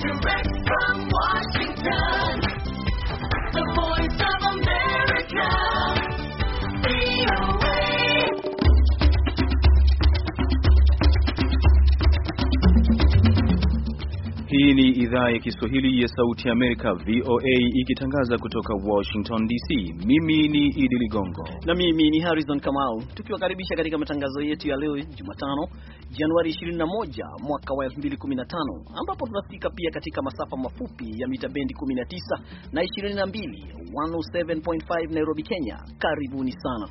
Direct. Hii ni idhaa ya Kiswahili ya Sauti ya Amerika, VOA, ikitangaza kutoka Washington DC. Mimi ni Idi Ligongo na mimi ni Harrison Kamau, tukiwakaribisha katika matangazo yetu ya leo Jumatano, Januari 21 mwaka wa 2015, ambapo tunasikika pia katika masafa mafupi ya mita bendi 19 na 22, 107.5 Nairobi, Kenya. Karibuni sana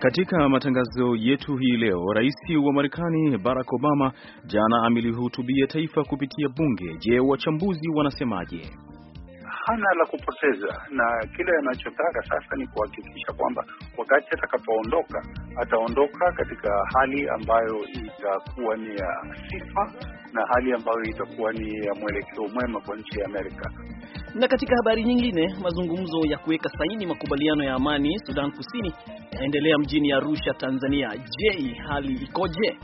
katika matangazo yetu hii leo, rais wa Marekani Barack Obama jana amelihutubia taifa kupitia bunge. Je, wachambuzi wanasemaje? Hana la kupoteza na kile anachotaka sasa ni kuhakikisha kwamba wakati atakapoondoka ataondoka katika hali ambayo itakuwa ni ya sifa na hali ambayo itakuwa ni ya mwelekeo mwema kwa nchi ya Amerika. Na katika habari nyingine, mazungumzo ya kuweka saini makubaliano ya amani Sudan Kusini yanaendelea mjini Arusha, Tanzania. Je, hali ikoje?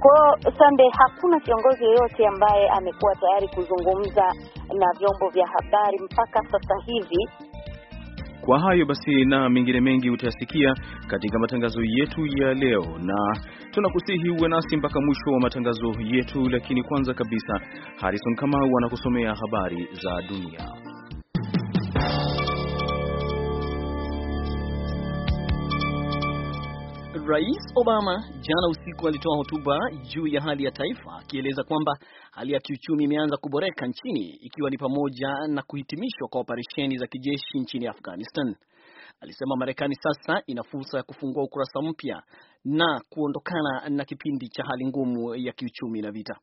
Kwa sande, hakuna kiongozi yeyote ambaye amekuwa tayari kuzungumza na vyombo vya habari mpaka sasa hivi. Kwa hayo basi na mengine mengi utayasikia katika matangazo yetu ya leo, na Tunakusihi uwe nasi mpaka mwisho wa matangazo yetu, lakini kwanza kabisa Harrison Kamau anakusomea habari za dunia. Rais Obama jana usiku alitoa hotuba juu ya hali ya taifa akieleza kwamba hali ya kiuchumi imeanza kuboreka nchini ikiwa ni pamoja na kuhitimishwa kwa operesheni za kijeshi nchini Afghanistan alisema Marekani sasa ina fursa ya kufungua ukurasa mpya na kuondokana na kipindi cha hali ngumu ya kiuchumi na vita.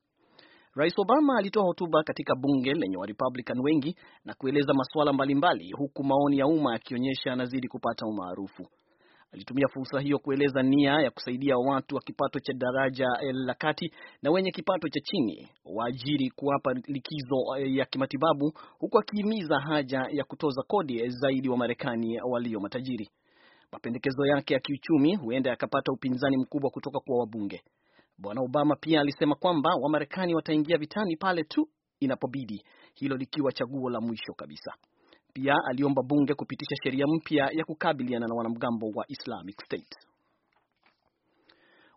Rais Obama alitoa hotuba katika bunge lenye Warepublican wengi na kueleza masuala mbalimbali, huku maoni ya umma yakionyesha anazidi kupata umaarufu. Alitumia fursa hiyo kueleza nia ya kusaidia watu wa kipato cha daraja eh, la kati na wenye kipato cha chini waajiri kuwapa likizo eh, ya kimatibabu huku akihimiza haja ya kutoza kodi eh, zaidi wa Marekani walio matajiri. Mapendekezo yake ya kiuchumi huenda yakapata upinzani mkubwa kutoka kwa wabunge. Bwana Obama pia alisema kwamba Wamarekani wataingia vitani pale tu inapobidi, hilo likiwa chaguo la mwisho kabisa. Pia aliomba bunge kupitisha sheria mpya ya kukabiliana na wanamgambo wa Islamic State.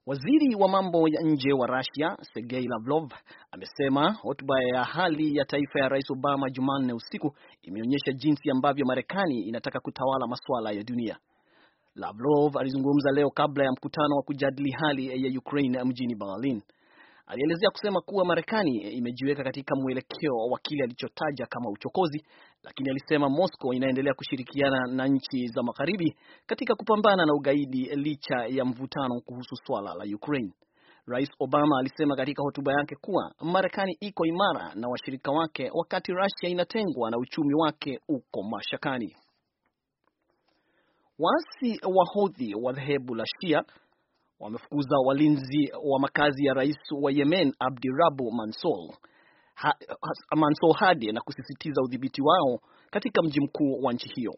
Waziri wa mambo ya nje wa Russia Sergei Lavrov amesema hotuba ya hali ya taifa ya Rais Obama Jumanne usiku imeonyesha jinsi ambavyo Marekani inataka kutawala masuala ya dunia. Lavrov alizungumza leo kabla ya mkutano wa kujadili hali ya Ukraine mjini Berlin. Alielezea kusema kuwa Marekani imejiweka katika mwelekeo wa kile alichotaja kama uchokozi lakini alisema Moscow inaendelea kushirikiana na nchi za magharibi katika kupambana na ugaidi licha ya mvutano kuhusu swala la Ukraine. Rais Obama alisema katika hotuba yake kuwa Marekani iko imara na washirika wake wakati Russia inatengwa na uchumi wake uko mashakani. Waasi hodhi wa dhehebu la Shia wamefukuza walinzi wa makazi ya rais wa Yemen Abdirabu Mansour ha, Mansour Hadi na kusisitiza udhibiti wao katika mji mkuu wa nchi hiyo.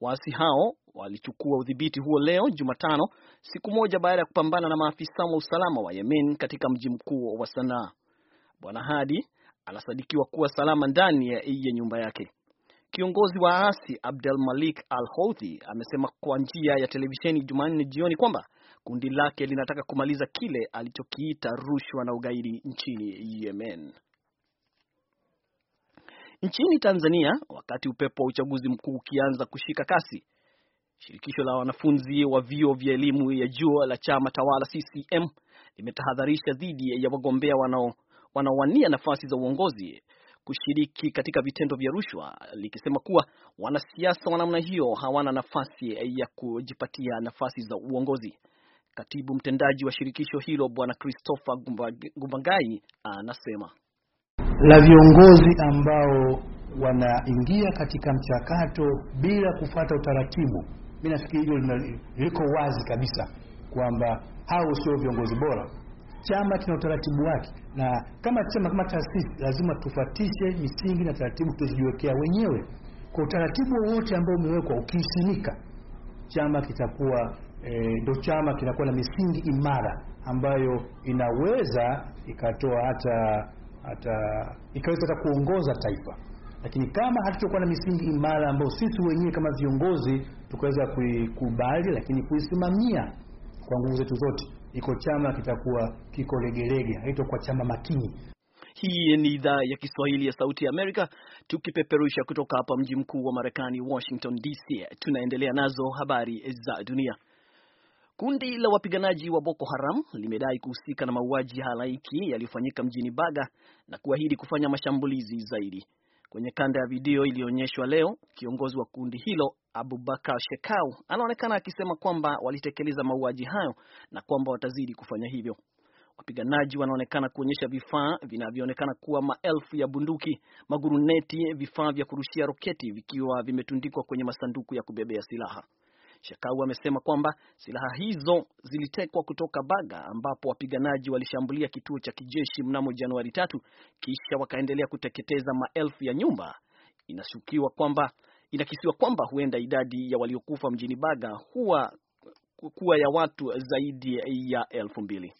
Waasi hao walichukua udhibiti huo leo Jumatano, siku moja baada ya kupambana na maafisa wa usalama wa Yemen katika mji mkuu wa Sanaa. Bwana Hadi anasadikiwa kuwa salama ndani ya, ya nyumba yake. Kiongozi wa waasi Abdel Malik Al Houthi amesema kwa njia ya televisheni Jumanne jioni kwamba kundi lake linataka kumaliza kile alichokiita rushwa na ugaidi nchini Yemen. Nchini Tanzania, wakati upepo wa uchaguzi mkuu ukianza kushika kasi, shirikisho la wanafunzi wa vyuo vya elimu ya juu la chama tawala CCM limetahadharisha dhidi ya wagombea wanaowania nafasi za uongozi kushiriki katika vitendo vya rushwa, likisema kuwa wanasiasa wa namna hiyo hawana nafasi ya kujipatia nafasi za uongozi. Katibu mtendaji wa shirikisho hilo Bwana Christopher Gumbangai anasema la viongozi ambao wanaingia katika mchakato bila kufata utaratibu. Mimi nafikiri hilo liko wazi kabisa kwamba hao sio viongozi bora. Chama kina utaratibu wake, na kama chama, kama taasisi, lazima tufatishe misingi na taratibu tulizojiwekea wenyewe. Kwa utaratibu wowote ambao umewekwa ukisimika, chama kitakuwa eh, ndo e, chama kinakuwa na misingi imara ambayo inaweza ikatoa hata hata ikaweza hata kuongoza taifa, lakini kama hatuchokuwa na misingi imara ambayo sisi wenyewe kama viongozi tukaweza kuikubali, lakini kuisimamia kwa nguvu zetu zote, iko chama kitakuwa kiko legelege, haitokuwa chama makini. Hii ni idhaa ya Kiswahili ya Sauti ya Amerika tukipeperusha kutoka hapa mji mkuu wa Marekani, Washington DC. Tunaendelea nazo habari za dunia. Kundi la wapiganaji wa Boko Haram limedai kuhusika na mauaji ya halaiki yaliyofanyika mjini Baga na kuahidi kufanya mashambulizi zaidi. Kwenye kanda ya video iliyoonyeshwa leo, kiongozi wa kundi hilo Abubakar Shekau anaonekana akisema kwamba walitekeleza mauaji hayo na kwamba watazidi kufanya hivyo. Wapiganaji wanaonekana kuonyesha vifaa vinavyoonekana kuwa maelfu ya bunduki, maguruneti, vifaa vya kurushia roketi vikiwa vimetundikwa kwenye masanduku ya kubebea silaha. Shekau amesema kwamba silaha hizo zilitekwa kutoka Baga ambapo wapiganaji walishambulia kituo cha kijeshi mnamo Januari tatu, kisha wakaendelea kuteketeza maelfu ya nyumba. Inashukiwa kwamba inakisiwa kwamba huenda idadi ya waliokufa mjini Baga huwa kuwa ya watu zaidi ya elfu mbili.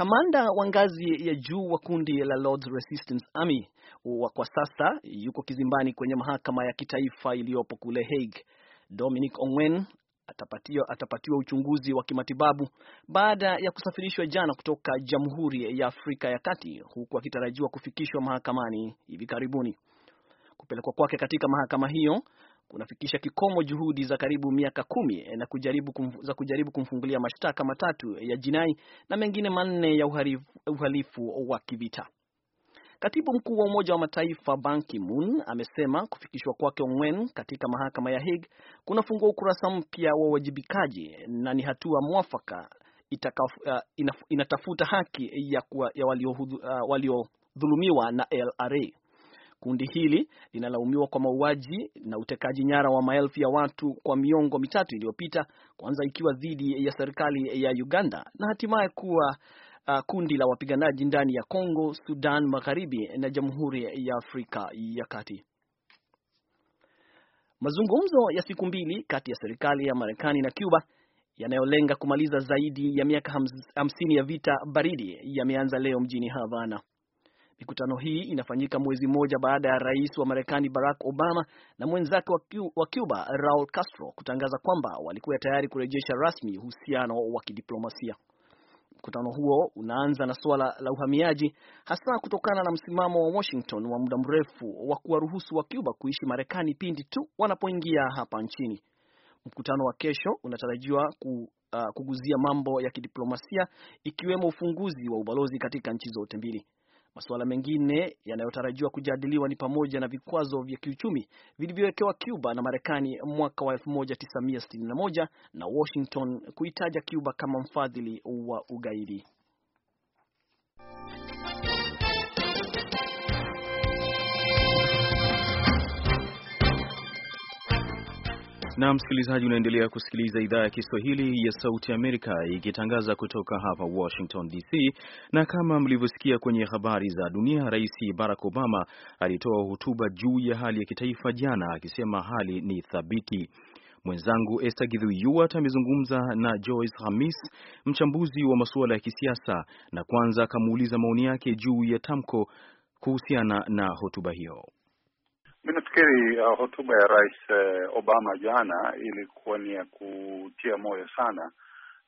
Kamanda wa ngazi ya juu wa kundi la Lords Resistance Army wa kwa sasa yuko kizimbani kwenye mahakama ya kitaifa iliyopo kule Hague. Dominic Ongwen atapatiwa, atapatiwa uchunguzi wa kimatibabu baada ya kusafirishwa jana kutoka Jamhuri ya Afrika ya Kati huku akitarajiwa kufikishwa mahakamani hivi karibuni. Kupelekwa kwake katika mahakama hiyo kunafikisha kikomo juhudi za karibu miaka kumi eh, na kujaribu kumf, za kujaribu kumfungulia mashtaka matatu eh, ya jinai na mengine manne ya uhalifu, uhalifu wa kivita. Katibu mkuu wa Umoja wa Mataifa Ban Ki-moon amesema kufikishwa kwake Ongwen katika mahakama ya Hague kunafungua ukurasa mpya wa uwajibikaji eh, na ni hatua mwafaka itaka, uh, inatafuta haki ya, ya waliodhulumiwa uh, walio na LRA. Kundi hili linalaumiwa kwa mauaji na utekaji nyara wa maelfu ya watu kwa miongo mitatu iliyopita, kwanza ikiwa dhidi ya serikali ya Uganda na hatimaye kuwa uh, kundi la wapiganaji ndani ya Kongo, Sudan Magharibi na Jamhuri ya Afrika ya Kati. Mazungumzo ya siku mbili kati ya serikali ya Marekani na Cuba yanayolenga kumaliza zaidi ya miaka hamsini ya vita baridi yameanza leo mjini Havana. Mikutano hii inafanyika mwezi mmoja baada ya rais wa Marekani Barack Obama na mwenzake wa Cuba Raul Castro kutangaza kwamba walikuwa tayari kurejesha rasmi uhusiano wa kidiplomasia. Mkutano huo unaanza na suala la uhamiaji, hasa kutokana na msimamo wa Washington wa muda mrefu wa kuwaruhusu wa Cuba kuishi Marekani pindi tu wanapoingia hapa nchini. Mkutano wa kesho unatarajiwa ku, uh, kuguzia mambo ya kidiplomasia ikiwemo ufunguzi wa ubalozi katika nchi zote mbili. Masuala mengine yanayotarajiwa kujadiliwa ni pamoja na vikwazo vya kiuchumi vilivyowekewa Cuba na Marekani mwaka wa 1961 na Washington kuitaja Cuba kama mfadhili wa ugaidi. na msikilizaji, unaendelea kusikiliza idhaa ya Kiswahili ya Sauti Amerika ikitangaza kutoka hapa Washington DC. Na kama mlivyosikia kwenye habari za dunia, Rais Barack Obama alitoa hotuba juu ya hali ya kitaifa jana, akisema hali ni thabiti. Mwenzangu Esther Githui amezungumza na Joyce Hamis, mchambuzi wa masuala ya kisiasa, na kwanza akamuuliza maoni yake juu ya tamko kuhusiana na hotuba hiyo. Mi nafikiri uh, hotuba ya Rais uh, Obama jana ilikuwa ni ya kutia moyo sana,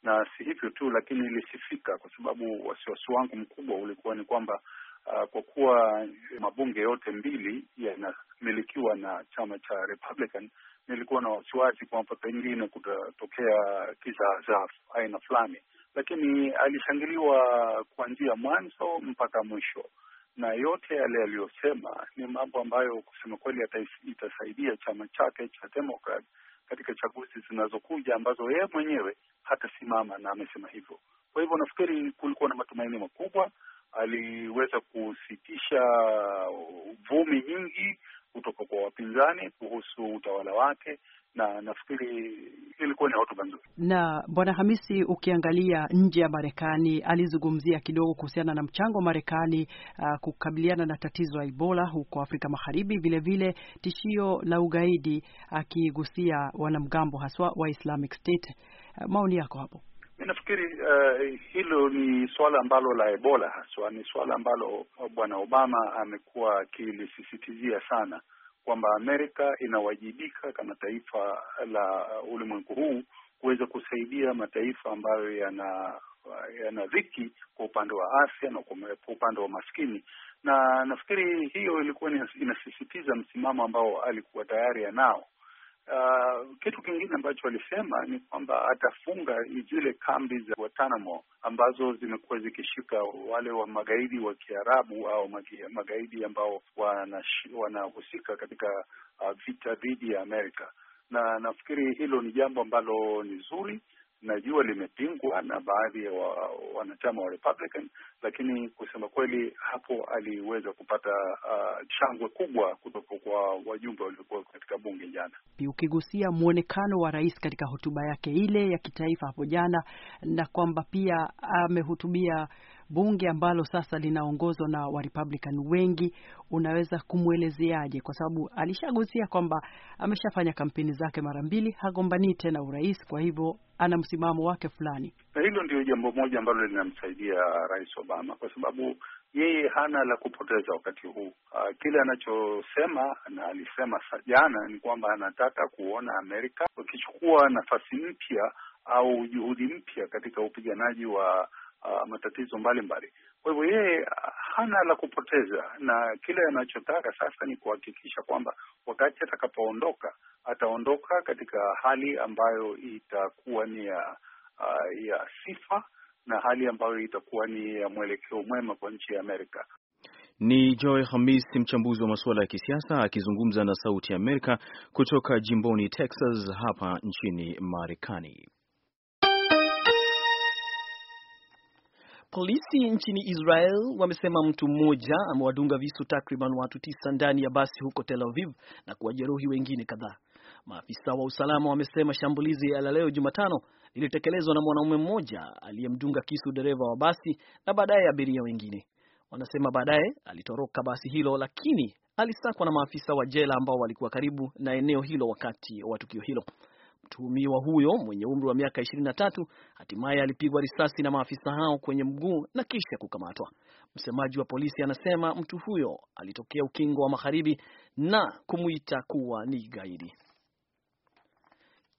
na si hivyo tu, lakini ilisifika, kwa sababu wasiwasi wangu mkubwa ulikuwa ni kwamba uh, kwa kuwa mabunge yote mbili yanamilikiwa na chama cha Republican, nilikuwa na wasiwasi kwamba pengine kutatokea kisa za aina fulani, lakini alishangiliwa kuanzia mwanzo mpaka mwisho na yote yale yaliyosema ni mambo ambayo kusema kweli itasaidia chama chake cha Democrat katika chaguzi zinazokuja ambazo yeye mwenyewe hatasimama, na amesema hivyo. Kwa hivyo nafikiri kulikuwa na matumaini makubwa. Aliweza kusitisha vumi nyingi kutoka kwa wapinzani kuhusu utawala wake, na nafikiri ilikuwa ni hotuba nzuri. Na Bwana Hamisi, ukiangalia nje ya Marekani, alizungumzia kidogo kuhusiana na mchango wa Marekani uh, kukabiliana na tatizo la Ebola huko Afrika Magharibi, vilevile tishio la ugaidi, akigusia uh, wanamgambo haswa wa Islamic State. Uh, maoni yako hapo? Nafikiri uh, hilo ni suala ambalo la Ebola haswa ni suala ambalo Bwana Obama amekuwa akilisisitizia sana kwamba Amerika inawajibika kama taifa la ulimwengu huu kuweza kusaidia mataifa ambayo yana yana dhiki kwa upande wa afya na kwa upande wa maskini, na nafikiri hiyo ilikuwa inasisitiza msimamo ambao alikuwa tayari anao Uh, kitu kingine ambacho alisema ni kwamba atafunga zile kambi za Guantanamo ambazo zimekuwa zikishika wale wa magaidi wa Kiarabu au magaidi ambao wanahusika wana katika uh, vita dhidi ya Amerika, na nafikiri hilo ni jambo ambalo ni zuri na jua limepingwa na baadhi ya wa, wanachama wa Republican, lakini kusema kweli hapo aliweza kupata uh, shangwe kubwa kutoka kwa wajumbe waliokuwa katika bunge jana. Ukigusia mwonekano wa rais katika hotuba yake ile ya kitaifa hapo jana, na kwamba pia amehutubia bunge ambalo sasa linaongozwa na wa Republican wengi, unaweza kumwelezeaje? Kwa sababu alishagusia kwamba ameshafanya kampeni zake mara mbili, hagombanii tena urais, kwa hivyo ana msimamo wake fulani. Na hilo ndio jambo moja ambalo linamsaidia Rais Obama kwa sababu yeye hana la kupoteza wakati huu. Ah, kile anachosema na alisema jana ni kwamba anataka kuona Amerika wakichukua nafasi mpya au juhudi mpya katika upiganaji wa uh, matatizo mbalimbali mbali. Kwa hivyo yeye hana la kupoteza, na kile anachotaka sasa ni kuhakikisha kwamba wakati atakapoondoka ataondoka katika hali ambayo itakuwa ni ya, ah, ya sifa na hali ambayo itakuwa ni ya mwelekeo mwema kwa nchi ya Amerika. Ni Joy Hamis, mchambuzi wa masuala ya kisiasa akizungumza na Sauti ya Amerika kutoka jimboni Texas hapa nchini Marekani. Polisi nchini Israel wamesema mtu mmoja amewadunga visu takriban watu tisa ndani ya basi huko Tel Aviv na kuwajeruhi wengine kadhaa. Maafisa wa usalama wamesema shambulizi la leo Jumatano lilitekelezwa na mwanaume mmoja aliyemdunga kisu dereva wa basi na baadaye abiria wengine. Wanasema baadaye alitoroka basi hilo, lakini alisakwa na maafisa wa jela ambao walikuwa karibu na eneo hilo wakati wa tukio hilo. Mtuhumiwa huyo mwenye umri wa miaka 23 hatimaye alipigwa risasi na maafisa hao kwenye mguu na kisha kukamatwa. Msemaji wa polisi anasema mtu huyo alitokea ukingo wa magharibi na kumuita kuwa ni gaidi.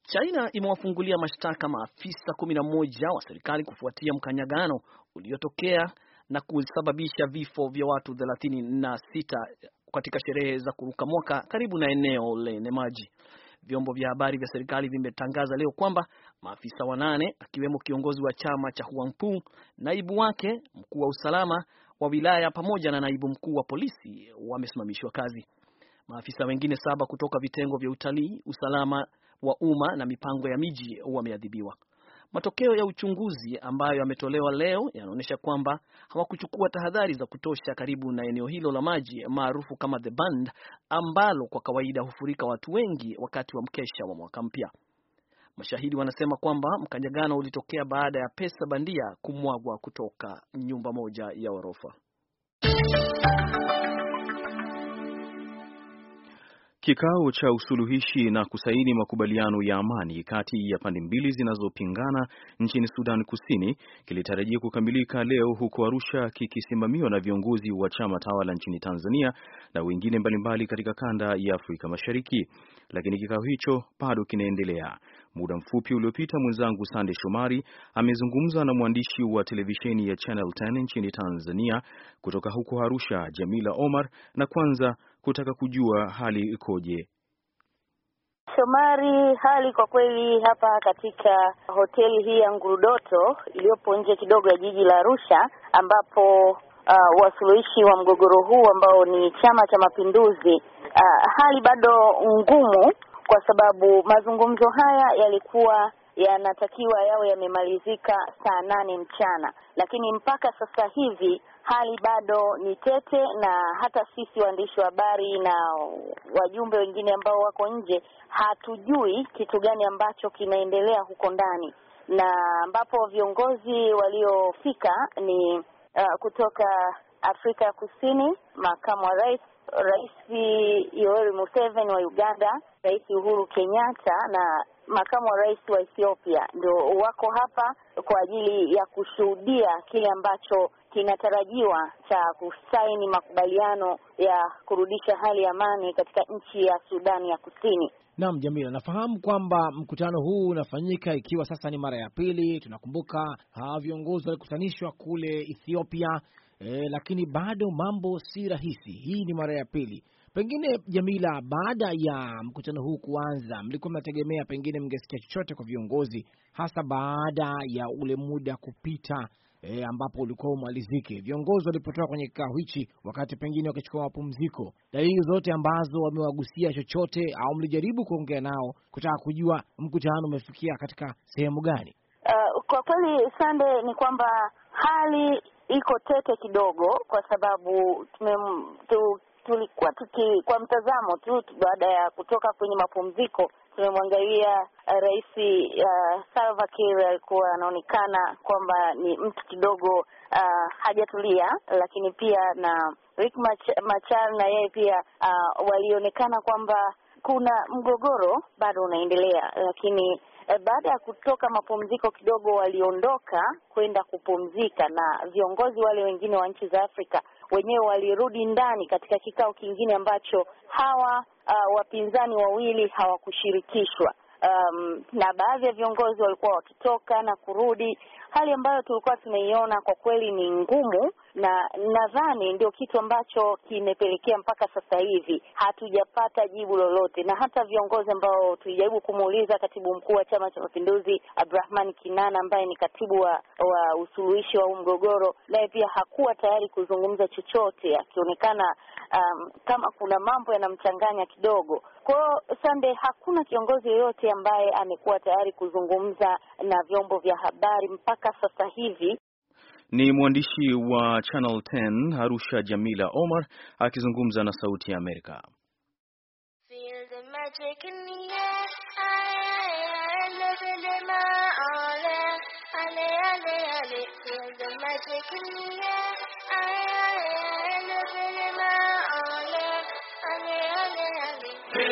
China imewafungulia mashtaka maafisa 11 wa serikali kufuatia mkanyagano uliotokea na kusababisha vifo vya watu 36 katika sherehe za kuruka mwaka karibu na eneo lenye maji. Vyombo vya habari vya serikali vimetangaza leo kwamba maafisa wanane akiwemo kiongozi wa chama cha Huangpu, naibu wake, mkuu wa usalama wa wilaya pamoja na naibu mkuu wa polisi wamesimamishwa kazi. Maafisa wengine saba kutoka vitengo vya utalii, usalama wa umma na mipango ya miji wameadhibiwa. Matokeo ya uchunguzi ambayo yametolewa leo yanaonyesha kwamba hawakuchukua tahadhari za kutosha karibu na eneo hilo la maji maarufu kama The Bund ambalo kwa kawaida hufurika watu wengi wakati wa mkesha wa mwaka mpya. Mashahidi wanasema kwamba mkanyagano ulitokea baada ya pesa bandia kumwagwa kutoka nyumba moja ya ghorofa. Kikao cha usuluhishi na kusaini makubaliano ya amani kati ya pande mbili zinazopingana nchini Sudan Kusini kilitarajia kukamilika leo huko Arusha, kikisimamiwa na viongozi wa chama tawala nchini Tanzania na wengine mbalimbali katika kanda ya Afrika Mashariki, lakini kikao hicho bado kinaendelea. Muda mfupi uliopita, mwenzangu Sande Shomari amezungumza na mwandishi wa televisheni ya Channel 10 nchini Tanzania kutoka huko Arusha, Jamila Omar, na kwanza kutaka kujua hali ikoje. Shomari, hali kwa kweli hapa katika hoteli hii ya Ngurudoto iliyopo nje kidogo ya jiji la Arusha ambapo uh, wasuluhishi wa mgogoro huu ambao ni Chama cha Mapinduzi uh, hali bado ngumu kwa sababu mazungumzo haya yalikuwa yanatakiwa yawe yamemalizika saa nane mchana, lakini mpaka sasa hivi hali bado ni tete, na hata sisi waandishi wa habari na wajumbe wengine ambao wako nje hatujui kitu gani ambacho kinaendelea huko ndani, na ambapo viongozi waliofika ni uh, kutoka Afrika ya Kusini, makamu wa rais Rais Yoweri Museveni wa Uganda, Rais Uhuru Kenyatta na makamu wa rais wa Ethiopia ndio wako hapa kwa ajili ya kushuhudia kile ambacho kinatarajiwa cha kusaini makubaliano ya kurudisha hali ya amani katika nchi ya Sudani ya Kusini. Naam, Jamila, nafahamu kwamba mkutano huu unafanyika ikiwa sasa ni mara ya pili. Tunakumbuka hawa viongozi walikutanishwa kule Ethiopia, e, lakini bado mambo si rahisi. Hii ni mara ya pili. Pengine Jamila, baada ya mkutano huu kuanza, mlikuwa mnategemea pengine mngesikia chochote kwa viongozi, hasa baada ya ule muda kupita e, ambapo ulikuwa umalizike. Viongozi walipotoka kwenye kikao hichi, wakati pengine wakichukua mapumziko, dalili zote ambazo wamewagusia chochote, au mlijaribu kuongea nao kutaka kujua mkutano umefikia katika sehemu gani? Uh, kwa kweli Sande, ni kwamba hali iko tete kidogo, kwa sababu tume, tu, tulikuwa tuki, kwa mtazamo tu baada ya kutoka kwenye mapumziko tumemwangalia eh, Rais uh, Salva Kiir alikuwa anaonekana kwamba ni mtu kidogo uh, hajatulia, lakini pia na Riek Machar na yeye pia uh, walionekana kwamba kuna mgogoro bado unaendelea, lakini eh, baada ya kutoka mapumziko kidogo waliondoka kwenda kupumzika, na viongozi wale wengine wa nchi za Afrika wenyewe walirudi ndani katika kikao kingine ambacho hawa uh, wapinzani wawili hawakushirikishwa. Um, na baadhi ya viongozi walikuwa wakitoka na kurudi, hali ambayo tulikuwa tumeiona kwa kweli ni ngumu, na nadhani ndio kitu ambacho kimepelekea mpaka sasa hivi hatujapata jibu lolote, na hata viongozi ambao tulijaribu kumuuliza katibu mkuu wa Chama cha Mapinduzi Abdurahman Kinana, ambaye ni katibu wa, wa usuluhishi wa huu mgogoro, naye pia hakuwa tayari kuzungumza chochote, akionekana um, kama kuna mambo yanamchanganya kidogo. Kwa hiyo Sande, hakuna kiongozi yoyote ambaye amekuwa tayari kuzungumza na vyombo vya habari mpaka sasa hivi. Ni mwandishi wa Channel 10 Arusha, Jamila Omar akizungumza na Sauti ya Amerika.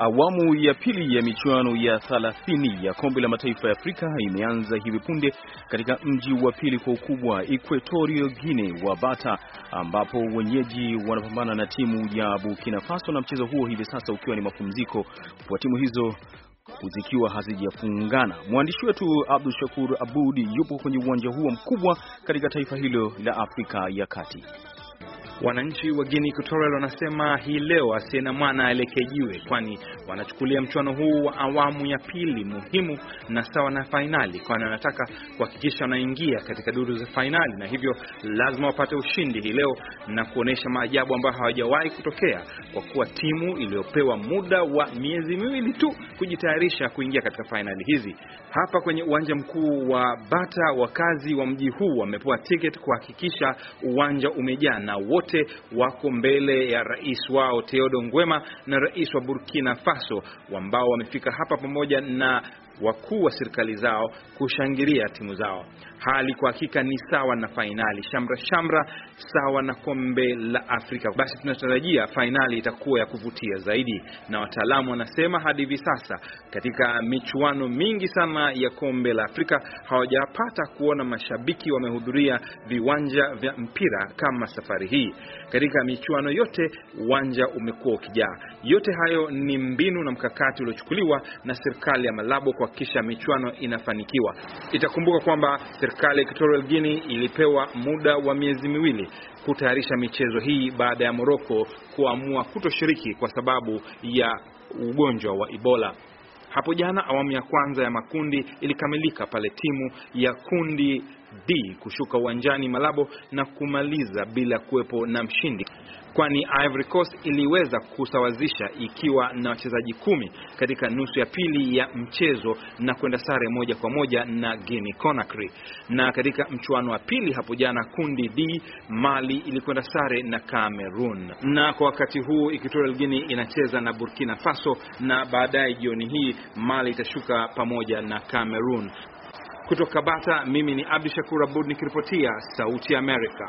Awamu ya pili ya michuano ya 30 ya kombe la mataifa ya Afrika imeanza hivi punde katika mji wa pili kwa ukubwa Equatorial Guinea wa Bata, ambapo wenyeji wanapambana na timu ya Burkina Faso, na mchezo huo hivi sasa ukiwa ni mapumziko kwa timu hizo zikiwa hazijafungana. Mwandishi wetu Abdul Shakur Abudi yupo kwenye uwanja huo mkubwa katika taifa hilo la Afrika ya Kati. Wananchi wa Guinea Equatorial wanasema hii leo asiye na mwana aelekee jiwe, kwani wanachukulia mchuano huu wa awamu ya pili muhimu na sawa na fainali, kwani wanataka kuhakikisha wanaingia katika duru za fainali, na hivyo lazima wapate ushindi hii leo na kuonyesha maajabu ambayo hawajawahi kutokea, kwa kuwa timu iliyopewa muda wa miezi miwili tu kujitayarisha kuingia katika fainali hizi. Hapa kwenye uwanja mkuu wa Bata, wakazi wa mji huu wamepewa tiketi kuhakikisha uwanja umejaa na wote wote wako mbele ya rais wao Teodo Ngwema na rais wa Burkina Faso ambao wamefika hapa pamoja na wakuu wa serikali zao kushangilia timu zao. Hali kwa hakika ni sawa na fainali shamra shamra, sawa na kombe la Afrika. Basi tunatarajia fainali itakuwa ya kuvutia zaidi, na wataalamu wanasema hadi hivi sasa katika michuano mingi sana ya kombe la Afrika hawajapata kuona mashabiki wamehudhuria viwanja vya mpira kama safari hii. Katika michuano yote uwanja umekuwa ukijaa. Yote hayo ni mbinu na mkakati uliochukuliwa na serikali ya Malabo kwa kuhakikisha michuano inafanikiwa. Itakumbuka kwamba serikali ya Equatorial Guinea ilipewa muda wa miezi miwili kutayarisha michezo hii baada ya Moroko kuamua kutoshiriki kwa sababu ya ugonjwa wa Ebola. Hapo jana awamu ya kwanza ya makundi ilikamilika pale timu ya kundi D kushuka uwanjani Malabo na kumaliza bila kuwepo na mshindi kwani Ivory Coast iliweza kusawazisha ikiwa na wachezaji kumi katika nusu ya pili ya mchezo na kwenda sare moja kwa moja na Guinea Conakry. Na katika mchuano wa pili hapo jana, kundi D, Mali ilikwenda sare na Cameroon, na kwa wakati huu Equatorial Guinea inacheza na Burkina Faso, na baadaye jioni hii Mali itashuka pamoja na Cameroon. Kutoka Bata, mimi ni Abdu Shakur Abud nikiripotia Sauti ya Amerika.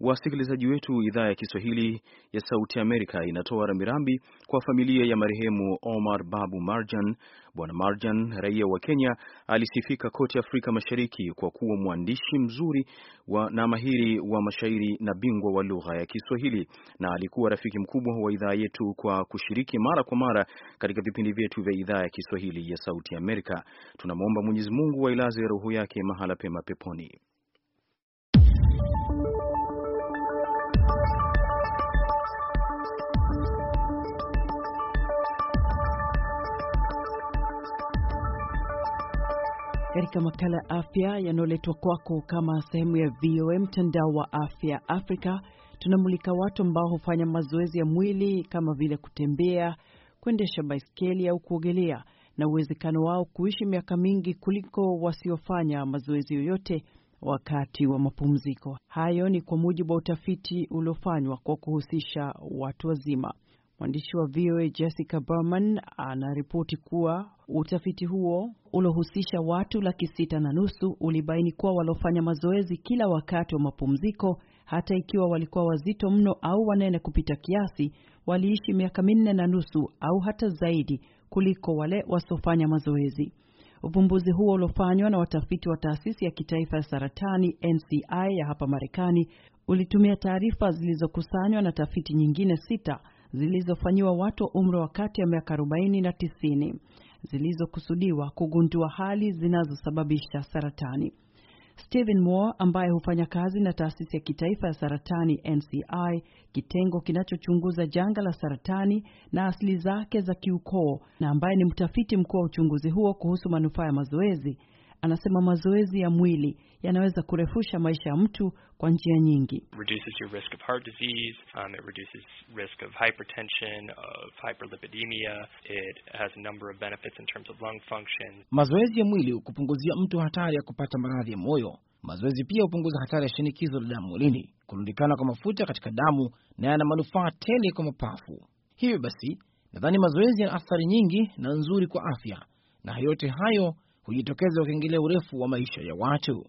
Wasikilizaji wetu, idhaa ya Kiswahili ya Sauti Amerika inatoa rambirambi kwa familia ya marehemu Omar Babu Marjan. Bwana Marjan, raia wa Kenya, alisifika kote Afrika Mashariki kwa kuwa mwandishi mzuri wa na mahiri wa mashairi na bingwa wa lugha ya Kiswahili, na alikuwa rafiki mkubwa wa idhaa yetu kwa kushiriki mara kwa mara katika vipindi vyetu vya idhaa ya Kiswahili ya Sauti Amerika. Tunamwomba Mwenyezi Mungu roho yake mahala pema peponi. katika makala ya afya yanayoletwa kwako kama sehemu ya VOA mtandao wa afya Afrika. Tunamulika watu ambao hufanya mazoezi ya mwili kama vile kutembea, kuendesha baiskeli au kuogelea na uwezekano wao kuishi miaka mingi kuliko wasiofanya mazoezi yoyote wakati wa mapumziko. Hayo ni kwa mujibu wa utafiti uliofanywa kwa kuhusisha watu wazima. Mwandishi wa VOA Jessica Berman anaripoti kuwa utafiti huo uliohusisha watu laki sita na nusu ulibaini kuwa waliofanya mazoezi kila wakati wa mapumziko, hata ikiwa walikuwa wazito mno au wanene kupita kiasi, waliishi miaka minne na nusu au hata zaidi kuliko wale wasiofanya mazoezi. Uvumbuzi huo uliofanywa na watafiti wa taasisi ya kitaifa ya saratani NCI ya hapa Marekani ulitumia taarifa zilizokusanywa na tafiti nyingine sita zilizofanyiwa watu wa umri wa kati ya miaka 40 na 90 zilizokusudiwa kugundua hali zinazosababisha saratani. Stephen Moore ambaye hufanya kazi na taasisi ya kitaifa ya saratani NCI, kitengo kinachochunguza janga la saratani na asili zake za kiukoo, na ambaye ni mtafiti mkuu wa uchunguzi huo kuhusu manufaa ya mazoezi, anasema mazoezi ya mwili yanaweza kurefusha maisha ya mtu kwa njia nyingi. Reduces your risk of heart disease, um, it reduces risk of hypertension, of hyperlipidemia, it has a number of benefits in terms of lung function. Mazoezi ya mwili kupunguzia mtu hatari ya kupata maradhi ya moyo. Mazoezi pia hupunguza hatari ya shinikizo la damu mwilini, kurundikana kwa mafuta katika damu, na yana manufaa tele kwa mapafu. Hivyo basi, nadhani mazoezi yana athari nyingi na nzuri kwa afya, na yote hayo hujitokeza wakiingilia urefu wa maisha ya watu.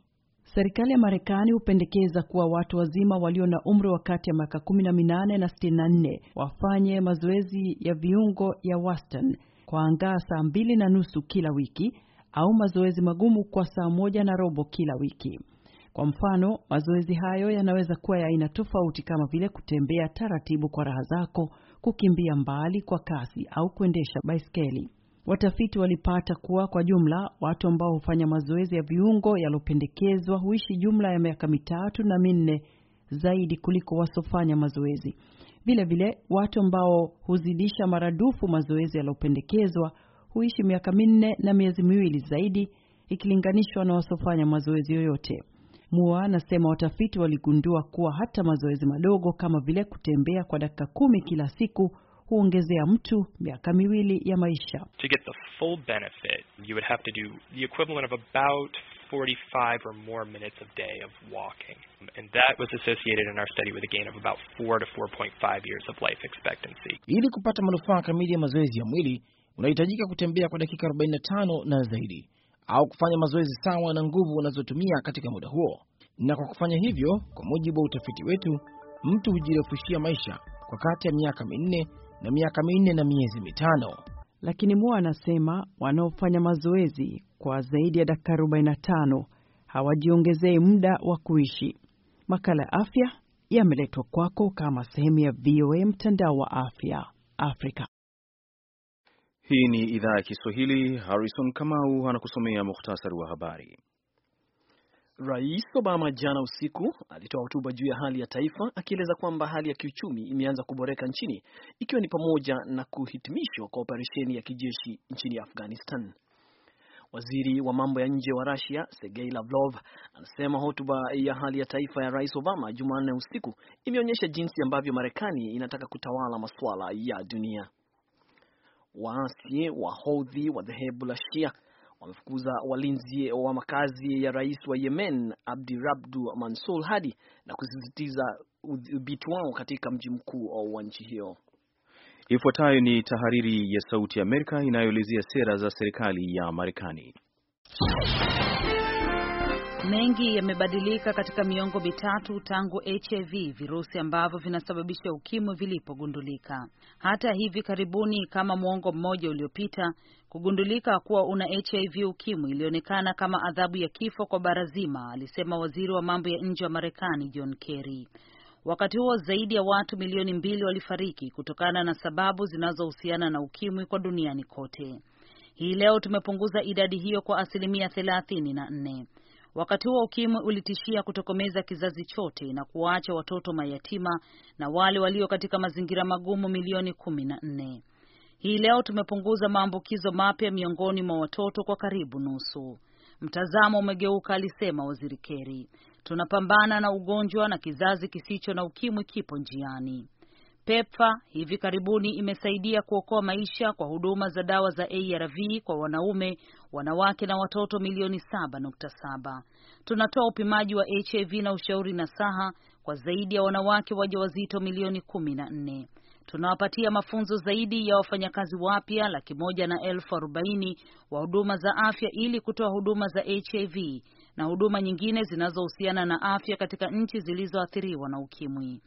Serikali ya Marekani hupendekeza kuwa watu wazima walio na umri wa kati ya miaka 18 na 64 wafanye mazoezi ya viungo ya waston kwa angaa saa mbili na nusu kila wiki au mazoezi magumu kwa saa moja na robo kila wiki. Kwa mfano, mazoezi hayo yanaweza kuwa ya aina tofauti kama vile kutembea taratibu kwa raha zako, kukimbia mbali kwa kasi au kuendesha baiskeli. Watafiti walipata kuwa kwa jumla watu ambao hufanya mazoezi ya viungo yaliyopendekezwa huishi jumla ya miaka mitatu na minne zaidi kuliko wasofanya mazoezi. Vilevile, watu ambao huzidisha maradufu mazoezi yaliyopendekezwa huishi miaka minne na miezi miwili zaidi ikilinganishwa na wasofanya mazoezi yoyote. Mua anasema watafiti waligundua kuwa hata mazoezi madogo kama vile kutembea kwa dakika kumi kila siku huongezea mtu miaka miwili ya maisha. To get the full benefit, you would have to do the equivalent of about 45 or more minutes a day of walking. And that was associated in our study with a gain of about 4 to 4.5 years of life expectancy. Ili kupata manufaa kamili ya mazoezi ya mwili, unahitajika kutembea kwa dakika 45 na zaidi au kufanya mazoezi sawa na nguvu unazotumia katika muda huo. Na kwa kufanya hivyo, kwa mujibu wa utafiti wetu, mtu hujirefushia maisha kwa kati ya miaka minne na miaka minne na miezi mitano. Lakini Mua anasema wanaofanya mazoezi kwa zaidi ya dakika 45 hawajiongezei muda wa kuishi. Makala ya afya yameletwa kwako kama sehemu ya VOA mtandao wa afya Afrika. Hii ni idhaa ya Kiswahili. Harrison Kamau anakusomea muhtasari wa habari. Rais Obama jana usiku alitoa hotuba juu ya hali ya taifa akieleza kwamba hali ya kiuchumi imeanza kuboreka nchini ikiwa ni pamoja na kuhitimishwa kwa operesheni ya kijeshi nchini Afghanistan. Waziri wa mambo ya nje wa Russia Sergei Lavrov anasema hotuba ya hali ya taifa ya Rais Obama Jumanne usiku imeonyesha jinsi ambavyo Marekani inataka kutawala masuala ya dunia. Waasi wa Houthi wa dhehebu la Shia wamefukuza walinzi wa makazi ya rais wa Yemen Abdirabdu Mansur Hadi na kusisitiza udhibiti wao katika mji mkuu wa nchi hiyo. Ifuatayo ni tahariri ya Sauti ya Amerika inayoelezea sera za serikali ya Marekani. Mengi yamebadilika katika miongo mitatu tangu HIV, virusi ambavyo vinasababisha ukimwi, vilipogundulika. Hata hivi karibuni, kama mwongo mmoja uliopita, kugundulika kuwa una HIV ukimwi ilionekana kama adhabu ya kifo kwa bara zima, alisema waziri wa mambo ya nje wa Marekani John Kerry. Wakati huo zaidi ya watu milioni mbili walifariki kutokana na sababu zinazohusiana na ukimwi kwa duniani kote. Hii leo tumepunguza idadi hiyo kwa asilimia thelathini na nne. Wakati huo ukimwi ulitishia kutokomeza kizazi chote na kuwaacha watoto mayatima na wale walio katika mazingira magumu milioni kumi na nne. Hii leo tumepunguza maambukizo mapya miongoni mwa watoto kwa karibu nusu. Mtazamo umegeuka, alisema Waziri Keri. Tunapambana na ugonjwa na kizazi kisicho na ukimwi kipo njiani. PEPFA hivi karibuni imesaidia kuokoa maisha kwa huduma za dawa za ARV kwa wanaume, wanawake na watoto milioni 7.7. Tunatoa upimaji wa HIV na ushauri na saha kwa zaidi ya wanawake wajawazito milioni 14. Tunawapatia mafunzo zaidi ya wafanyakazi wapya laki moja na elfu arobaini wa huduma za afya ili kutoa huduma za HIV na huduma nyingine zinazohusiana na afya katika nchi zilizoathiriwa na ukimwi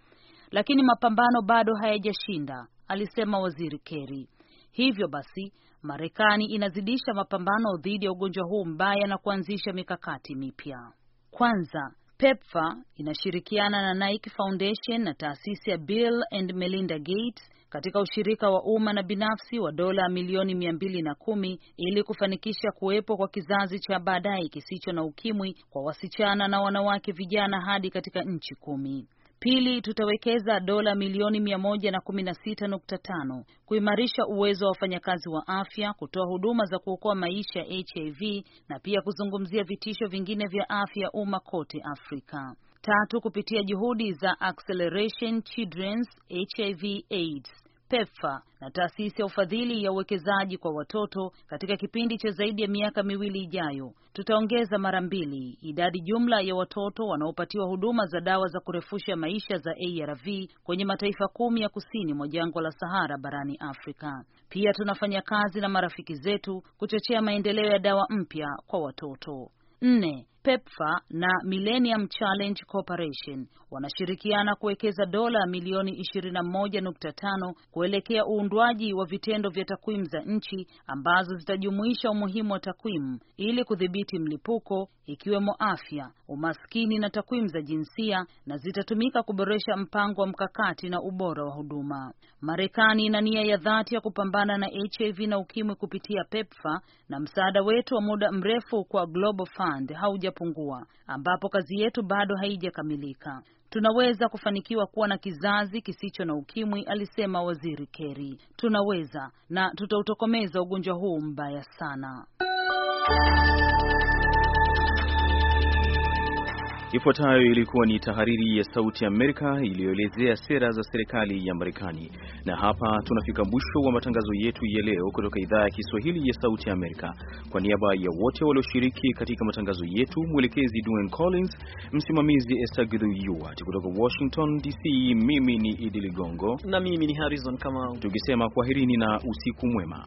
lakini mapambano bado hayajashinda, alisema Waziri Kerry. Hivyo basi, Marekani inazidisha mapambano dhidi ya ugonjwa huu mbaya na kuanzisha mikakati mipya. Kwanza, pepfa inashirikiana na Nike Foundation na taasisi ya Bill and Melinda Gates katika ushirika wa umma na binafsi wa dola milioni mia mbili na kumi ili kufanikisha kuwepo kwa kizazi cha baadaye kisicho na ukimwi kwa wasichana na wanawake vijana hadi katika nchi kumi. Pili, tutawekeza dola milioni 116.5 kuimarisha uwezo wa wafanyakazi wa afya kutoa huduma za kuokoa maisha ya HIV na pia kuzungumzia vitisho vingine vya afya umma kote Afrika. Tatu, kupitia juhudi za Acceleration Children's HIV AIDS PEPFAR na taasisi ya ufadhili ya uwekezaji kwa watoto katika kipindi cha zaidi ya miaka miwili ijayo. Tutaongeza mara mbili idadi jumla ya watoto wanaopatiwa huduma za dawa za kurefusha maisha za ARV kwenye mataifa kumi ya kusini mwa jangwa la Sahara barani Afrika. Pia tunafanya kazi na marafiki zetu kuchochea maendeleo ya dawa mpya kwa watoto. Nne, PEPFA na Millennium Challenge Corporation wanashirikiana kuwekeza dola milioni 21.5 kuelekea uundwaji wa vitendo vya takwimu za nchi ambazo zitajumuisha umuhimu wa takwimu ili kudhibiti mlipuko ikiwemo afya, umaskini na takwimu za jinsia na zitatumika kuboresha mpango wa mkakati na ubora wa huduma. Marekani ina nia ya dhati ya kupambana na HIV na ukimwi kupitia PEPFA na msaada wetu wa muda mrefu kwa Global Fund hauja inapungua, ambapo kazi yetu bado haijakamilika. Tunaweza kufanikiwa kuwa na kizazi kisicho na ukimwi, alisema Waziri Kerry. Tunaweza na tutautokomeza ugonjwa huu mbaya sana. Ifuatayo ilikuwa ni tahariri ya Sauti ya Amerika iliyoelezea sera za serikali ya Marekani, na hapa tunafika mwisho wa matangazo yetu ya leo kutoka idhaa ya Kiswahili ya Sauti ya Amerika. Kwa niaba ya wote walioshiriki katika matangazo yetu, mwelekezi Dwayne Collins, msimamizi Esther kutoka Washington DC, mimi ni Idi Ligongo na mimi ni Harrison Kamau, tukisema kwaherini na usiku mwema.